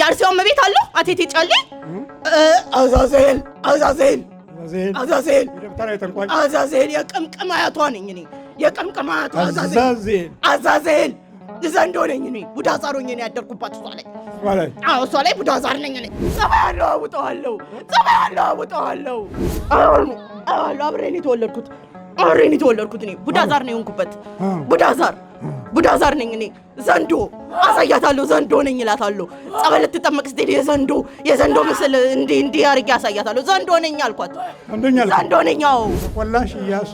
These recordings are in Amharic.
የአርሲያው መቤት አለው አቴቴ ጫሌ አዛዘል አዛዘል አዛዘል አዛዘል የቀምቀም አያቷ ነኝ እኔ። የቀምቀም አያቷ አዛዘል አዛዘል ዘንዶ ነኝ እኔ። ቡዳ ዛር ሆኜ ነው ያደርኩባት እሷ ላይ። አዎ እሷ ላይ ቡዳ ዛር ነኝ እኔ። ጸባይ አለው አውጣዋለሁ፣ ጸባይ አለው አውጣዋለሁ። አብሬ ነው የተወለድኩት፣ አብሬ ነው የተወለድኩት እኔ። ቡዳ ዛር ነው የሆንኩበት ቡዳ ዛር ቡዳዛር ነኝ እኔ። ዘንዶ አሳያታለሁ፣ ዘንዶ ነኝ ይላታለሁ። ጸበል ልትጠመቅ ስትሄድ የዘንዶ የዘንዶ ምስል እንዲህ እንዲህ አድርጌ አሳያታለሁ። ዘንዶ ነኝ አልኳት፣ ዘንዶ ነኝ። አዎ ቆላሽ እያሱ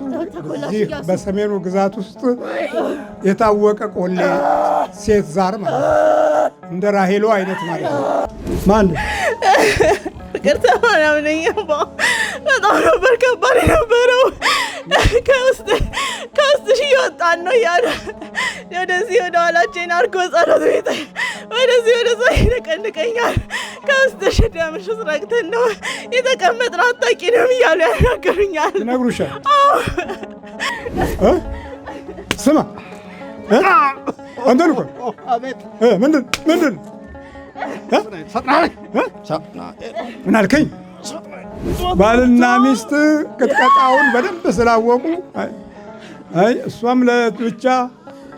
ይህ በሰሜኑ ግዛት ውስጥ የታወቀ ቆሌ ሴት ዛር ማለት እንደ ራሄሎ አይነት ማለት ነው። ማን ፍቅር ተሆነ በጣም ነበር ከባድ የነበረው። ከውስጥ ሺ ወጣን ነው እያለ ወደዚህ ወደ ኋላችን አርጎ ጸሎት ቤት ወደዚህ ወደ ይነቀንቀኛል። ከውስጥ ሺ ደምሽ ስረግተን ነው የተቀመጥነው አታውቂንም እያሉ ያናገሩኛል። ይነግሩሻል። ስማ አንተን እኮ ምንድን ምንድን ምን አልከኝ? ባልና ሚስት ቅጥቀጣውን በደንብ ስላወቁ እሷም ለብቻ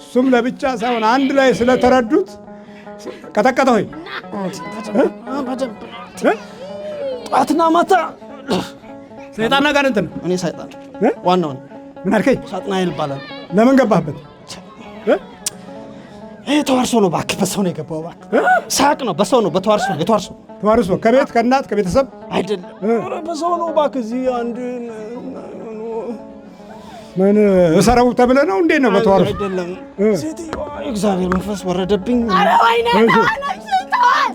እሱም ለብቻ ሳይሆን አንድ ላይ ስለተረዱት ቀጠቀጠ ሆይ ጧትና ማታ ሰይጣን ጋር እንትን እኔ ሰይጣን ዋናውን ምን አልከኝ? ሳጥናኤል ይባላል። ለምን ገባህበት? ተዋርሶ ነው እባክህ፣ በሰው ነው የገባው። እባክህ ሳቅ ነው፣ በሰው ነው፣ በተዋርሶ ነው የተዋርሶ ተዋርሶ ከቤት ከእናት ከቤተሰብ አይደለም፣ በሰው ነው እባክህ። እዚህ አንድ ምን እሰረው ተብለህ ነው እንዴ? ነው? በተዋርሶ አይደለም። ሴትዮዋ እግዚአብሔር መንፈስ ወረደብኝ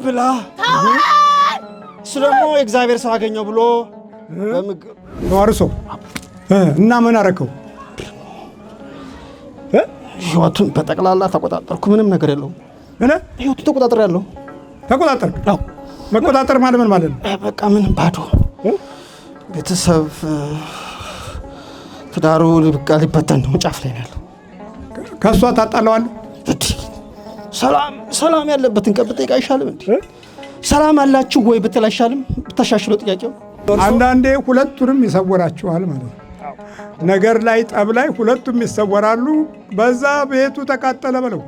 ብላ እሱ ደግሞ እግዚአብሔር ሰው አገኘው ብሎ ተዋርሶ እና ምን አረከው ህይወቱን በጠቅላላ ተቆጣጠርኩ። ምንም ነገር የለውም። ህይወቱ ተቆጣጠር ያለው ተቆጣጠር መቆጣጠር ማለት ምን ማለት ነው? በቃ ምን ባዶ ቤተሰብ ትዳሩ በቃ ሊበተን ነው፣ ጫፍ ላይ ያለው ከእሷ ታጣለዋለህ። ሰላም ያለበትን ቀን ብጠይቅ አይሻልም? እንዲ ሰላም አላችሁ ወይ ብትል አይሻልም? ብታሻሽለው ጥያቄው አንዳንዴ ሁለቱንም ይሰውራችኋል ማለት ነው። ነገር ላይ ጠብ ላይ ሁለቱም ይሰወራሉ። በዛ ቤቱ ተቃጠለ ብለው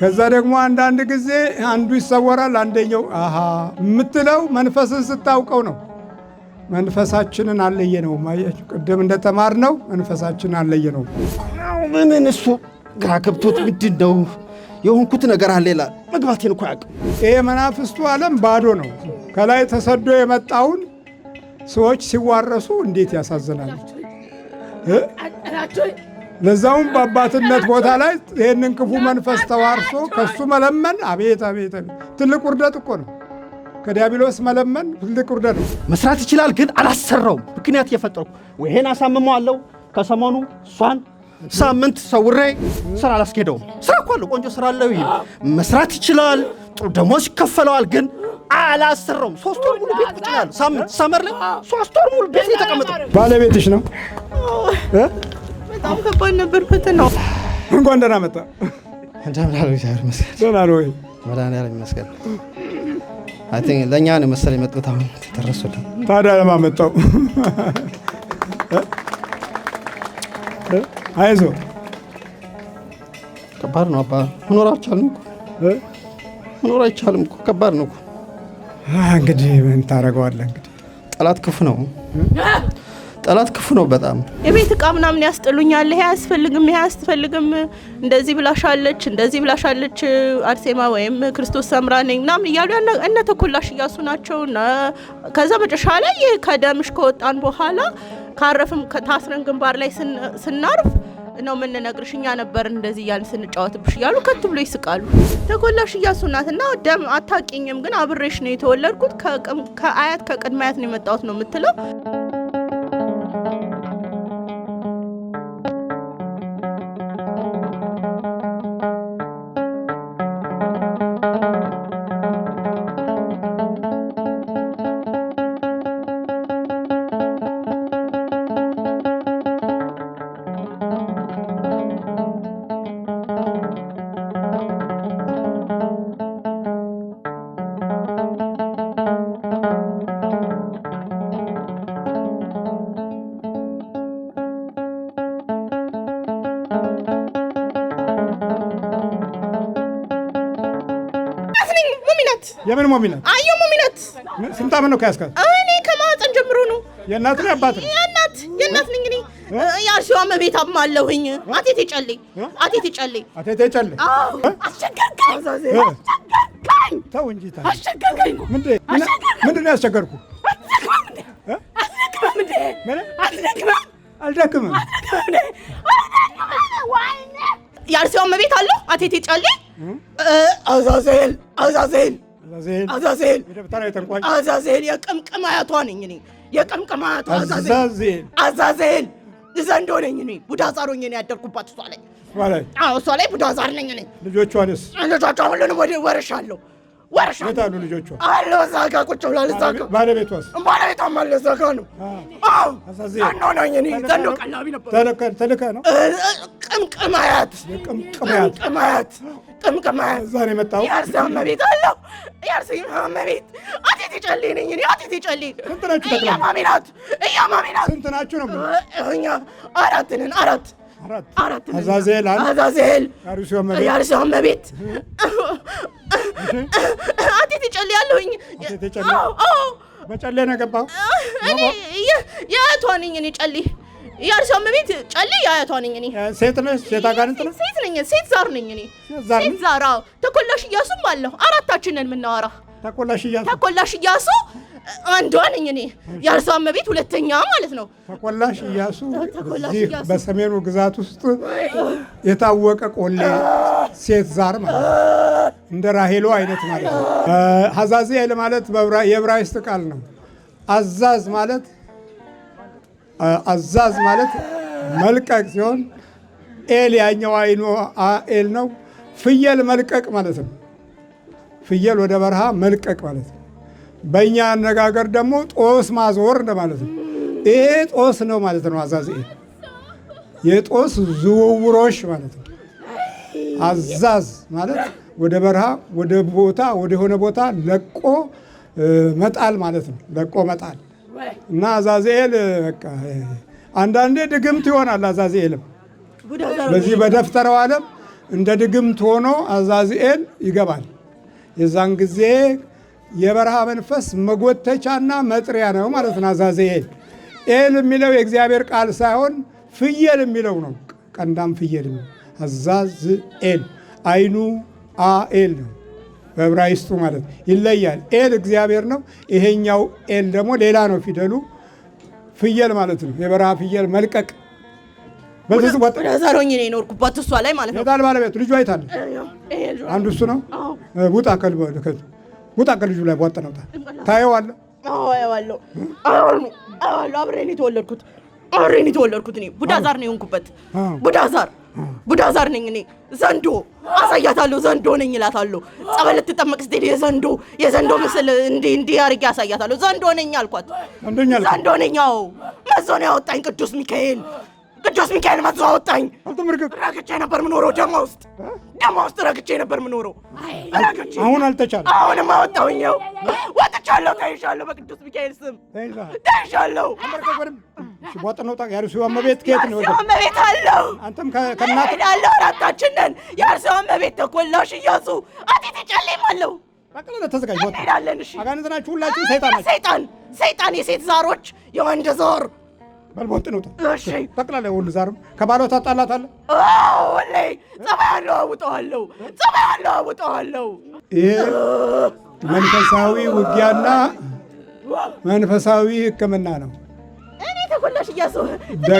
ከዛ ደግሞ አንዳንድ ጊዜ አንዱ ይሰወራል፣ አንደኛው አሃ የምትለው መንፈስን ስታውቀው ነው። መንፈሳችንን አለየ ነው። ቅድም እንደተማር ነው መንፈሳችንን አለየ ነው። ምን እሱ ግራ ገብቶት ምንድን ነው የሆንኩት ነገር አለ ይላል። መግባቴን እኮ ይሄ መናፍስቱ ዓለም ባዶ ነው። ከላይ ተሰዶ የመጣውን ሰዎች ሲዋረሱ እንዴት ያሳዝናል። ለዛውም በአባትነት ቦታ ላይ ይህንን ክፉ መንፈስ ተዋርሶ ከሱ መለመን አቤት አቤት ትልቅ ውርደት እኮ ነው። ከዲያብሎስ መለመን ትልቅ ውርደት ነው። መስራት ይችላል ግን አላሰራውም። ምክንያት እየፈጠርኩ ይሄን አሳምመዋለሁ። ከሰሞኑ እሷን ሳምንት ሰውሬ ስራ አላስኬደውም። ስራ እኮ አለው፣ ቆንጆ ስራ አለው። መስራት ይችላል፣ ጥሩ ደሞዝ ይከፈለዋል ግን አላሰራውም። ሶስት ወር ሙሉ ቤት ቁጭ ነው ያለው። ሳምንት ሰመር ላይ ሶስት ወር ሙሉ ቤት የተቀመጠው ባለቤትሽ ነው። በጣም ከባድ ነበር ፈተናው። እንኳን ደህና መጣ። ደህና ነው ወይ? መድኃኒዓለም ይመስገን። ለእኛ ነው መሰለኝ የመጡት። አሁን ተደረሱልን። ታዲያ ለማን መጣው? አይዞ ከባድ ነው አባ። መኖር አልቻልንም እኮ መኖር አይቻልም እኮ ከባድ ነው እኮ እንግዲህ ምን ታደርገዋለህ? እንግዲህ ጠላት ክፉ ነው። ጠላት ክፉ ነው በጣም የቤት እቃ ምናምን ያስጥሉኛል። ይሄ አያስፈልግም፣ ይሄ አያስፈልግም፣ እንደዚህ ብላሻለች፣ እንደዚህ ብላሻለች፣ አርሴማ ወይም ክርስቶስ ሰምራ ነኝ ምናምን እያሉ እነ ተኮላሽ እያሱ ናቸው። ከዛ መጨረሻ ላይ ከደምሽ ከወጣን በኋላ ካረፍም ከታስረን ግንባር ላይ ስናርፍ ነው የምንነግርሽ፣ እኛ ነበር እንደዚህ እያልን ስንጫወትብሽ እያሉ ከት ብሎ ይስቃሉ። ተጎላሽ እያሱ ደም አታቂኝም፣ ግን አብሬሽ ነው የተወለድኩት ከአያት ከቅድመ አያት ነው የመጣሁት ነው የምትለው የምን ሞሚነት? አየሁ ሞሚነት። ስንት ዓመት ነው ከያዝካት? እኔ ከማህፀን ጀምሮ ነው። የእናት ነው አባት? የእናት የእናት ነኝ እኔ። ያሽዋ መቤት አማለሁኝ። አቴቴ ጨልይ፣ አቴቴ ጨልይ፣ አቴቴ ጨልይ። አስቸገርከኝ፣ አስቸገርከኝ። ተው እንጂ ታ አስቸገርከኝ። ምንድን ነው ያስቸገርኩ? አልደክምም፣ አልደክምም። የአርሲዋ መቤት አለሁ። አቴቴ ጨልይ፣ አዛዜል፣ አዛዜል አዛዜል አዛዜል የቀምቀም አያቷ ነኝ እኔ። የቀምቀም አያቷ አዛዜል አዛዜል እዛ እንደሆነኝ እኔ ቡዳ ዛር ሆኜ ያደርኩባት እሷ ላይ እሷ ላይ ቡዳ ዛር ነኝ እኔ። ልጆቿንስ ልጆቿ ሁሉንም ወደ ወርሻለሁ ወርሻለሁ። አሉ ልጆቿ? አለ እዛ ጋ ቁጭ ብሏል። እዛ ጋ ባለቤቷስ? ባለቤቷም አለ እዛ ጋ ነው። አዎ ዘንዶ እኔ። ዘንዶ ቀላቢ ነበር። ተልከህ ነው? ቅምቅም አያት ቅምቅም አያት ጥም ከማያዛ ነው የመጣው። የአርሴ እመቤት አለው የአርሴ እመቤት አቴቴ ጨሌ ነኝ እኔ አቴቴ ጨሌ። ስንት ናችሁ? እያማሜ ናት እያማሜ ናት። ስንት ናችሁ ነው? እኛ አራት ነን። አራት አራት አዛዜል አዛዜል የአርሴ እመቤት አቴቴ ጨሌ አለሁኝ። በጨሌ ነው የገባው። እኔ የእህቷ ነኝ እኔ ጨሌ የአርሲ እመቤት ጨሌ የአያቷ ነኝ እኔ። ሴት ነሽ? ሴት አጋንንት ነው? ሴት ነኝ። ሴት ዛር ነኝ እኔ። ሴት ዛር። አዎ። ተኮላሽ እያሱም አለሁ። አራታችንን የምናወራ ተኮላሽ እያሱ ተኮላሽ እያሱ አንዷ ነኝ እኔ። የአርሲ እመቤት ሁለተኛ ማለት ነው። ተኮላሽ እያሱ እዚህ በሰሜኑ ግዛት ውስጥ የታወቀ ቆሌ ሴት ዛር ማለት ነው። እንደ ራሄሎ አይነት ማለት ነው። ሀዛዚ አይለ ማለት የዕብራይስጥ ቃል ነው። አዛዝ ማለት አዛዝ ማለት መልቀቅ ሲሆን ኤል ያኛው አይኑ ኤል ነው። ፍየል መልቀቅ ማለት ነው። ፍየል ወደ በረሃ መልቀቅ ማለት ነው። በእኛ አነጋገር ደግሞ ጦስ ማዞር ማለት ነው። ይሄ ጦስ ነው ማለት ነው። አዛዝ የጦስ ዝውውሮሽ ማለት ነው። አዛዝ ማለት ወደ በረሃ ወደ ቦታ ወደ ሆነ ቦታ ለቆ መጣል ማለት ነው። ለቆ መጣል እና አዛዝኤል በቃ አንዳንዴ ድግምት ይሆናል። አዛዝኤልም በዚህ በደፍተረው ዓለም እንደ ድግምት ሆኖ አዛዝኤል ይገባል። የዛን ጊዜ የበረሃ መንፈስ መጎተቻና መጥሪያ ነው ማለት ነው። አዛዝኤል ኤል የሚለው የእግዚአብሔር ቃል ሳይሆን ፍየል የሚለው ነው። ቀንዳም ፍየል አዛዝኤል አይኑ አኤል ነው። በዕብራይስጡ ማለት ይለያል። ኤል እግዚአብሔር ነው። ይሄኛው ኤል ደግሞ ሌላ ነው ፊደሉ። ፍየል ማለት ነው። የበረሃ ፍየል መልቀቅ በዛሮኝ ነው የኖርኩባት እሷ ላይ ማለት ነው። የጣል ባለቤቱ ልጁ አይታለ አንዱ እሱ ነው። ውጣ ውጣ ከልጁ ላይ ቧጥ ነውታ ታየዋለህ። አየዋለሁ አብሬን የተወለድኩት አብሬን የተወለድኩት ቡዳዛር ነው የሆንኩበት ቡዳዛር ቡዳዛር ነኝ እኔ። ዘንዶ አሳያታለሁ፣ ዘንዶ ነኝ እላታለሁ። ጸበል ልትጠመቅ ስትሄድ የዘንዶ የዘንዶ ምስል እንዲህ እንዲህ አድርጌ አሳያታለሁ። ዘንዶ ነኝ አልኳት። ዘንዶ ነኝ። አዎ መዞ ነው ያወጣኝ ቅዱስ ሚካኤል ቅዱስ ሚካኤል መዞ አወጣኝ። ረግቼ ነበር የምኖረው ደማ ውስጥ ደማ ውስጥ ረግቼ ነበር የምኖረው። አሁን አልተቻለ። አሁንም አወጣሁኝ። ወጥቻለሁ። ተይሻለሁ። በቅዱስ ሚካኤል ስም ተይሻለሁ። ቦጥ ነው የአርሲው እመቤት ከየት ነው? የአርሲው እመቤት አለው። አንተም ከእናት አለው። አራታችን ነን። የአርሲው እመቤት ተኮላሽ እያሱ አቲት ጨሌም አለው። በቀለ ተዘጋጅ ቦታ እንሄዳለን። እሺ አጋንንት ናችሁ ሁላችሁ፣ ሰይጣን ናችሁ። ሰይጣን ሰይጣን፣ የሴት ዛሮች፣ የወንድ ዞር በልቦጥ ነው። እሺ ጠቅላላ ሁሉ ዛርም ከባሏ ታጣላታለህ። አዎ ወለ ጸባይ አለዋውጠዋለሁ፣ ጸባይ አለዋውጠዋለሁ። ይሄ መንፈሳዊ ውጊያና መንፈሳዊ ሕክምና ነው።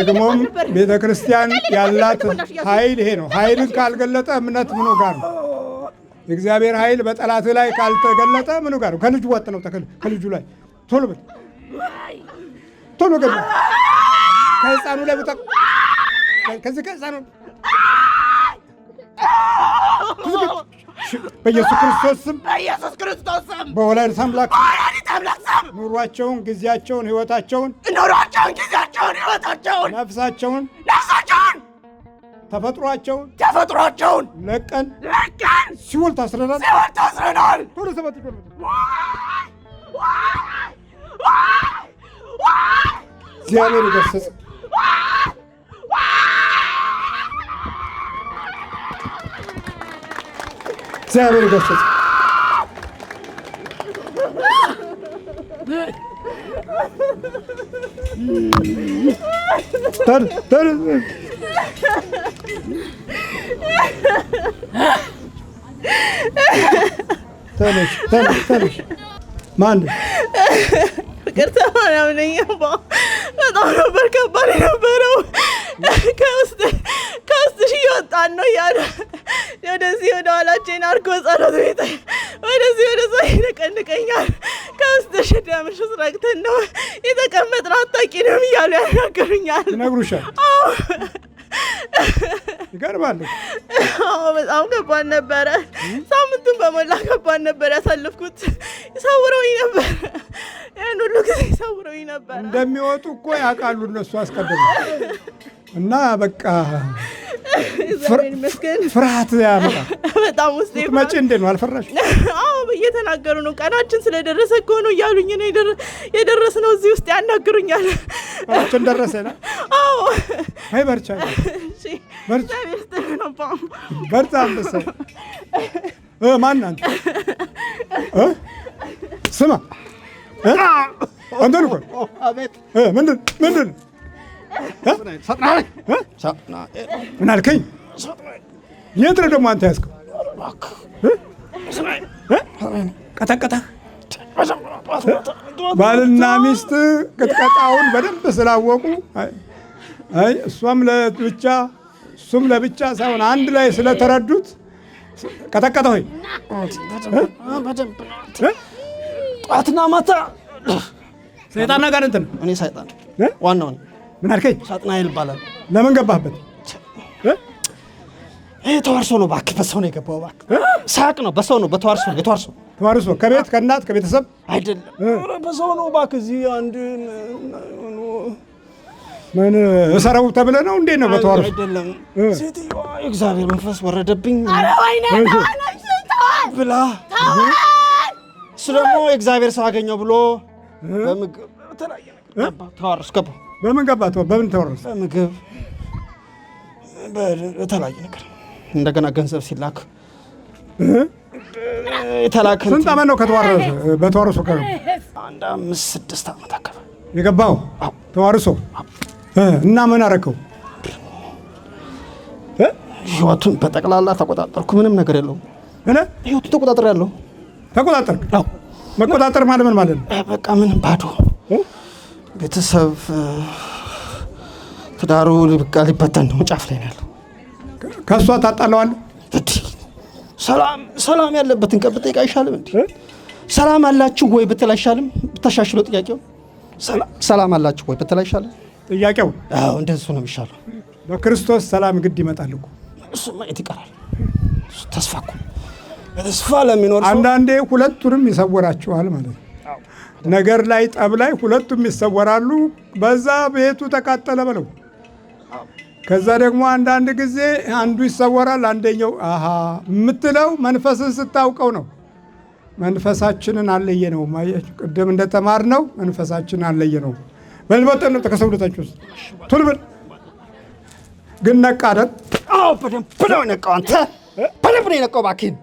ደግሞም ቤተ ክርስቲያን ያላት ኃይል ይሄ ነው። ኃይልን ካልገለጠ እምነት ምኑ ጋር ነው? የእግዚአብሔር ኃይል በጠላት ላይ ካልተገለጠ ምኑ ጋር ነው? ከልጁ ወጥ ነው። ከልጁ ላይ ቶሎ በል ቶሎ ገ ከህፃኑ ላይ ብጠቅ ከዚህ ከህፃኑ በኢየሱስ ክርስቶስ ስም በኢየሱስ ክርስቶስ ስም በወላዲተ አምላክ በወላዲተ አምላክ ስም ኑሯቸውን፣ ጊዜያቸውን፣ ህይወታቸውን ኑሯቸውን፣ ጊዜያቸውን፣ ህይወታቸውን፣ ነፍሳቸውን ነፍሳቸውን፣ ተፈጥሯቸውን ተፈጥሯቸውን ለቀን ለቀን ሲውል ታስረናል ሲውል ታስረናል። ቶሎ ሰባት እግዚአብሔር ይገስጽ። እግዚአብሔር ገሰጸ። ማን ፍቅር ተማናምነኝ በጣም ነበር ከባድ የነበረው ከውስጥ ፋኖ እያሉ ወደዚህ ወደ ኋላችን አድርጎ ጸሎት ቤት ወደዚህ ወደ ዛ ይነቀንቀኛል። ከውስጥ ሽዳምሽ ስረግተን ነው የተቀመጥነው አታውቂንም እያሉ ያናገሩኛል። ይነግሩሻል። ይገርማል። አዎ በጣም ከባድ ነበረ። ሳምንቱን በሞላ ከባድ ነበር ያሳልፍኩት። ይሰውረውኝ ነበር፣ ይህን ሁሉ ጊዜ ይሰውረውኝ ነበር። እንደሚወጡ እኮ ያውቃሉ እነሱ አስቀድመው እና በቃ ፍርሃት ያመጣ በጣም ውስጥ መጪ እንዴት ነው አልፈራሽ? አዎ እየተናገሩ ነው ቀናችን ስለደረሰ ከሆነ እያሉኝ ነው የደረስ ነው እዚህ ውስጥ ያናግሩኛል። ቀናችን ደረሰ ነው። አዎ አይ በርቻ በርቻ አንበሳ ማን አንተ ስማ እንትን እኮ ምንድን ምንድን ምን አልከኝ? የት ነው ደግሞ አንተ ያዝከው? ባልና ሚስት ቅጥቀጣውን በደንብ ስላወቁ አይ እሷም ለብቻ እሱም ለብቻ ሳይሆን አንድ ላይ ስለተረዱት ቀጠቀጠ። ሆይ ጠዋትና ማታ ሰይጣን ነገር እንትን እኔ ሰይጣን ዋናው ምን አልከኝ? ሳጥናኤል ይባላል። ለምን ገባህበት? ይሄ ተዋርሶ ነው እባክህ፣ በሰው ነው የገባው እባክህ። ሳቅ ነው፣ በሰው ነው፣ በተዋርሶ ነው የተዋርሶ ተዋርሶ ከቤት ከእናት ከቤተሰብ አይደለም፣ በሰው ነው እባክህ። እዚህ አንድ ምን እሰረው ተብለህ ነው እንዴ? ነው በተዋርሶ አይደለም። ሴትዮዋ የእግዚአብሔር መንፈስ ወረደብኝ ብላ እሱ ደግሞ የእግዚአብሔር ሰው አገኘው ብሎ ተዋርሶ ገባ በምን ገባ? በምን ተወረሰ? ምግብ በተለያየ ነገር እንደገና ገንዘብ ሲላክ የተላከ ስንት ዓመት ነው ከተዋረሰ? በተዋርሶ አንድ አምስት ስድስት አመት አካባቢ የገባው ተዋርሶ። እና ምን አረከው ህይወቱን በጠቅላላ ተቆጣጠርኩ። ምንም ነገር የለውም። ህይወቱን ተቆጣጠር ያለው ተቆጣጠር መቆጣጠር ማለት ምን ማለት ነው? በቃ ምንም ባዶ ቤተሰብ ትዳሩ በቃ ሊበተን ነው፣ ጫፍ ላይ ያለው ከእሷ ታጣለዋል። ሰላም ያለበትን ቀን ብጠይቅ አይሻልም? እንዲ ሰላም አላችሁ ወይ ብትል አይሻልም? ብታሻሽለው ጥያቄው ሰላም አላችሁ ወይ ብትል አይሻልም? ጥያቄው እንደሱ ነው የሚሻለው። በክርስቶስ ሰላም ግድ ይመጣል እኮ እሱ ማየት ይቀራል። ተስፋ እኮ ተስፋ ለሚኖር አንዳንዴ ሁለቱንም ይሰወራችኋል ማለት ነው። ነገር ላይ ጠብ ላይ ሁለቱም ይሰወራሉ። በዛ ቤቱ ተቃጠለ በለው። ከዛ ደግሞ አንዳንድ ጊዜ አንዱ ይሰወራል፣ አንደኛው አሃ የምትለው መንፈስን ስታውቀው ነው። መንፈሳችንን አለየ ነው። ቅድም እንደተማር ነው መንፈሳችንን አለየ ነው። በልበጠን ከሰውነታችን ውስጥ ቱልብል ግን ነቃደን። አይደል? አዎ በደንብ ነው የነቃው። አንተ በደንብ ነው የነቃው። እባክህን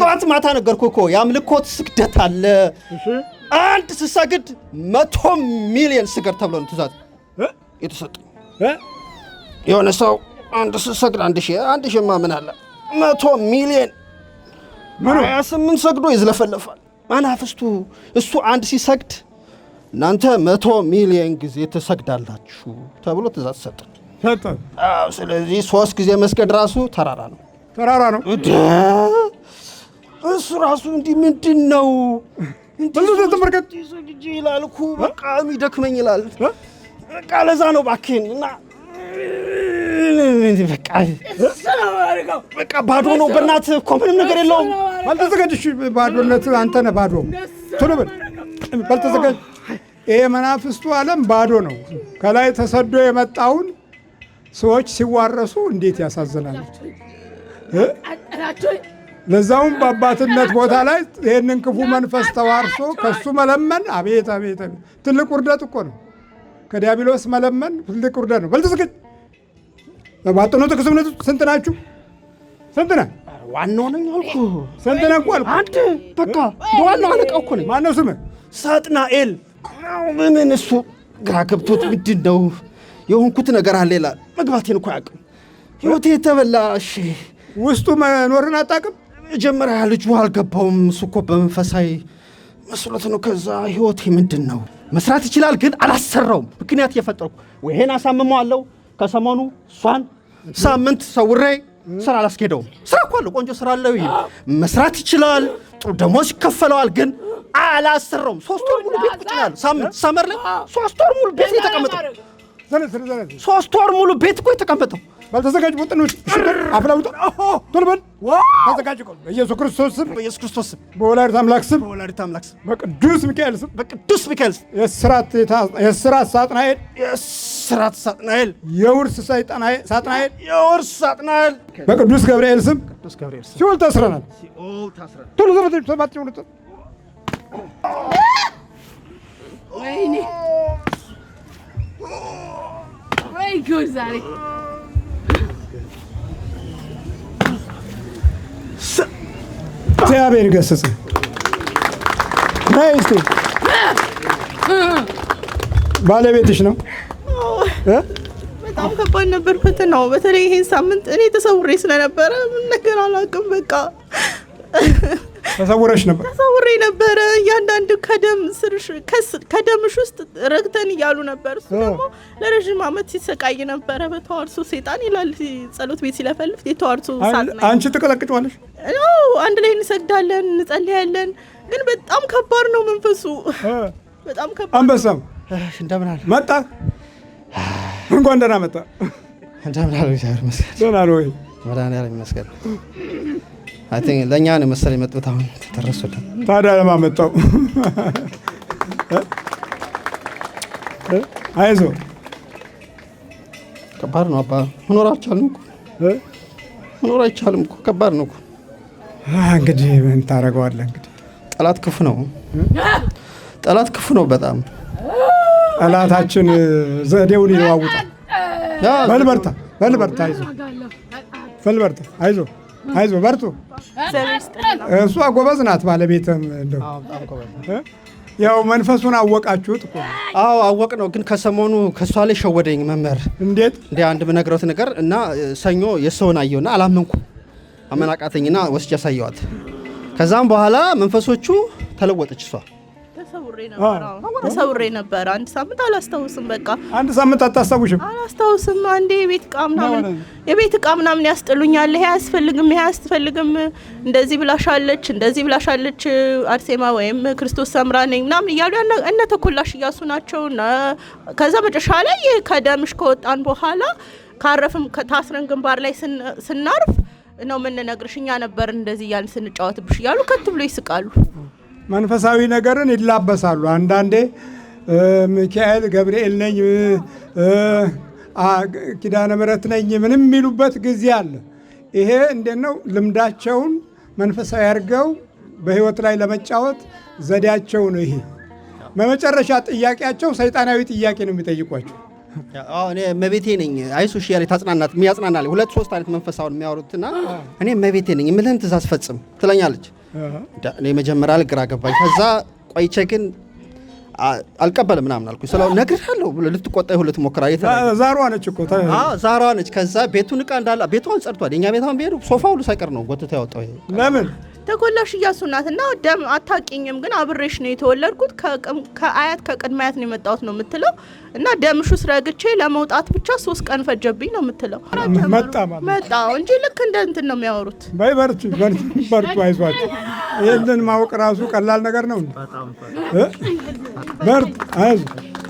ጠዋት ማታ ነገርኩ እኮ የአምልኮት ስግደት አለ አንድ ስሰግድ መቶ ሚሊዮን ስገድ ተብሎ ነው ትእዛዝ የተሰጠ። የሆነ ሰው አንድ ስሰግድ አንድ ሺህ አንድ ሺህማ ምን አለ መቶ ሚሊዮን ሀያ ስምንት ሰግዶ ይዝለፈለፋል። መናፍስቱ እሱ አንድ ሲሰግድ እናንተ መቶ ሚሊዮን ጊዜ ትሰግዳላችሁ ተብሎ ትእዛዝ ሰጠ። ስለዚህ ሶስት ጊዜ መስገድ ራሱ ተራራ ነው ተራራ ነው። እሱ ራሱ እንዲህ ምንድን ነው እንደዚህ ተመርከት ይዞ ልጅ ይላል እኮ በቃ ይደክመኝ ይላል። በቃ ለዛ ነው እባክህን እና በቃ ባዶ ነው። በእናት እኮ ምንም ነገር የለውም። ባልተዘጋጅሽ ባዶነት አንተ ነህ ባዶ። ቶሎ በል ባልተዘጋጅ። ይሄ መናፍስቱ ዓለም ባዶ ነው። ከላይ ተሰዶ የመጣውን ሰዎች ሲዋረሱ እንዴት ያሳዝናል። ለዛውም በአባትነት ቦታ ላይ ይህንን ክፉ መንፈስ ተዋርሶ ከሱ መለመን አቤት አቤት ትልቅ ውርደት እኮ ነው። ከዲያብሎስ መለመን ትልቅ ውርደት ነው። በልትስግድ ስግድ ባጥኖ ስንት ናችሁ? ስንት ነ ዋናው ነኝ ስንት አንድ በቃ በዋናው አለቃ እኮ ነኝ። ማነው ሳጥናኤል እሱ ግራ ገብቶት ምንድን ነው የሆንኩት ነገር አለ ይላል። መግባቴን እኮ አያውቅም። ህይወቴ የተበላሽ ውስጡ መኖርን አታውቅም። መጀመሪያ ልጁ አልገባውም። እሱ እኮ በመንፈሳዊ መስሎት ነው። ከዛ ህይወቴ ምንድን ነው? መስራት ይችላል ግን አላሰራውም። ምክንያት እየፈጠርኩ ይሄን አሳምመዋለሁ። ከሰሞኑ እሷን ሳምንት ሰውሬ ስራ አላስኬደውም። ስራ እኮ አለው፣ ቆንጆ ስራ አለው። ይሄ መስራት ይችላል፣ ጥሩ ደሞዝ ይከፈለዋል። ግን አላሰራውም። ሶስት ወር ሙሉ ቤት ቁጭ ነው ሳምንት ሰመር ላይ ሶስት ወር ሙሉ ቤት ነው የተቀመጠው። ሶስት ወር ሙሉ ቤት እኮ የተቀመጠው ባልተዘጋጅ ቡጥን ውስጥ አፍላውጥ ቶሎ በል ተዘጋጅ። በኢየሱስ ክርስቶስ ስም፣ በኢየሱስ ክርስቶስ ስም፣ በወላዲተ አምላክ ስም፣ በወላዲተ አምላክ ስም፣ በቅዱስ ሚካኤል ስም፣ በቅዱስ ሚካኤል ስም የስራት የስራት ሳጥናኤል የስራት ሳጥናኤል የውርስ ሳጥናኤል ሳጥናኤል የውርስ ሳጥናኤል በቅዱስ ገብርኤል ስም፣ ቅዱስ ገብርኤል ስም ሲኦል ታስረናል። ሲኦል ታስረናል። ቶሎ ዘበት ተባጥ ይሁን ወይኔ ወይ ጉድ ዛሬ እግዚአብሔር ይገስጽ። ነይ ባለቤትሽ ነው። በጣም ከባድ ነበር ፈተናው። በተለይ ይሄን ሳምንት እኔ ተሰውሬ ስለነበረ ምን ነገር አላውቅም። በቃ ተሰውረሽ ነበር? ተሰውሬ ነበረ። እያንዳንዱ ከደም ስርሽ ከደምሽ ውስጥ ረግተን እያሉ ነበር። እሱ ደግሞ ለረዥም ዓመት ሲሰቃይ ነበረ በተዋርሶ ሴጣን ይላል ጸሎት ቤት ሲለፈልፍ የተዋርሶ ሳት አንቺ ትቀለቅጫዋለሽ አንድ ላይ እንሰግዳለን፣ እንጸልያለን። ግን በጣም ከባድ ነው መንፈሱ። በጣም ከባድ። አንበሳም እንደምን አለ መጣ። እንኳን ደህና መጣ። እንደምን አለ ይሳር መስገድ ደህና ነው ወይ መድኃኒዓለም ይመስገን። አይ ቲንክ ለእኛ ነው መሰለኝ የመጡት አሁን ተደረሱልን። ታዲያ ለማን መጣው? አይዞ ከባድ ነው አባ መኖር አልቻልም እኮ መኖር አይቻልም እኮ ከባድ ነው እኮ እንግዲህ ምን ታደርገዋለህ? እንግዲህ ጠላት ክፉ ነው። ጠላት ክፉ ነው። በጣም ጠላታችን ዘዴውን ይለዋውጣል። በልበርታ በልበርታ፣ አይዞ በልበርታ፣ አይዞ አይዞ፣ በርቱ። እሷ ጎበዝ ናት ባለቤትም እንደው ያው መንፈሱን አወቃችሁት እኮ። አዎ አወቅ ነው። ግን ከሰሞኑ ከእሷ ላይ ሸወደኝ መምህር። እንዴት እንዲ አንድ የምነግረውት ነገር እና ሰኞ የሰውን አየውና አላመንኩም አመናቃተኝና ወስጄ አሳየዋት። ከዛም በኋላ መንፈሶቹ ተለወጠች እሷ ተሰውሬ ነበር። አንድ ሳምንት አላስታውስም። በቃ አንድ ሳምንት አታስታውሽም? አላስታውስም። አንዴ የቤት እቃ ምናምን የቤት እቃ ምናምን ያስጥሉኛል። ይሄ አያስፈልግም፣ ይሄ አያስፈልግም፣ እንደዚህ ብላሻለች፣ እንደዚህ ብላሻለች፣ አርሴማ ወይም ክርስቶስ ሰምራ ነኝ ምናምን እያሉ እነ ተኮላሽ እያሱ ናቸው። ከዛ መጨረሻ ላይ ከደምሽ ከወጣን በኋላ ካረፍም ከታስረን ግንባር ላይ ስናርፍ ነው የምንነግርሽ። እኛ ነበር እንደዚህ እያልን ስንጫወትብሽ እያሉ ከት ብሎ ይስቃሉ። መንፈሳዊ ነገርን ይላበሳሉ። አንዳንዴ ሚካኤል ገብርኤል ነኝ ኪዳነ ምሕረት ነኝ ምንም የሚሉበት ጊዜ አለ። ይሄ እንዴት ነው? ልምዳቸውን መንፈሳዊ አድርገው በህይወት ላይ ለመጫወት ዘዴያቸው ነው ይሄ። በመጨረሻ ጥያቄያቸው ሰይጣናዊ ጥያቄ ነው የሚጠይቋቸው። እኔ መቤቴ ነኝ። አይዞሽ እያለኝ ታጽናናት የሚያጽናናል ሁለት ሶስት አይነት መንፈስ አሁን የሚያወሩትና እኔ መቤቴ ነኝ የምልህን ትእዛዝ ፈጽም ትለኛለች። እኔ መጀመሪያ ልግራ ገባኝ። ከዛ ቆይቼ ግን አልቀበልም ምናምን አልኩኝ። ስለ ነግሬሻለሁ ልትቆጣ ሁለት ሞክራ ዛሯ ነች እኮ ዛሯ ነች። ከዛ ቤቱን ዕቃ እንዳለ ቤቷን ጸድቷል። የኛ ቤታን ብሄዱ ሶፋ ሁሉ ሳይቀር ነው ጎትታ ያወጣው። ለምን ተጎላሽ እያሱ ናት እና ደም አታቂኝም፣ ግን አብሬሽ ነው የተወለድኩት ከአያት ከቅድመ አያት ነው የመጣሁት ነው የምትለው። እና ደምሹ ስረግቼ ለመውጣት ብቻ ሶስት ቀን ፈጀብኝ ነው የምትለው። መጣ እንጂ ልክ እንደ እንትን ነው የሚያወሩት። በይ በርቱ አይዟቸው። ይህንን ማወቅ ራሱ ቀላል ነገር ነው። በርቱ አይዞ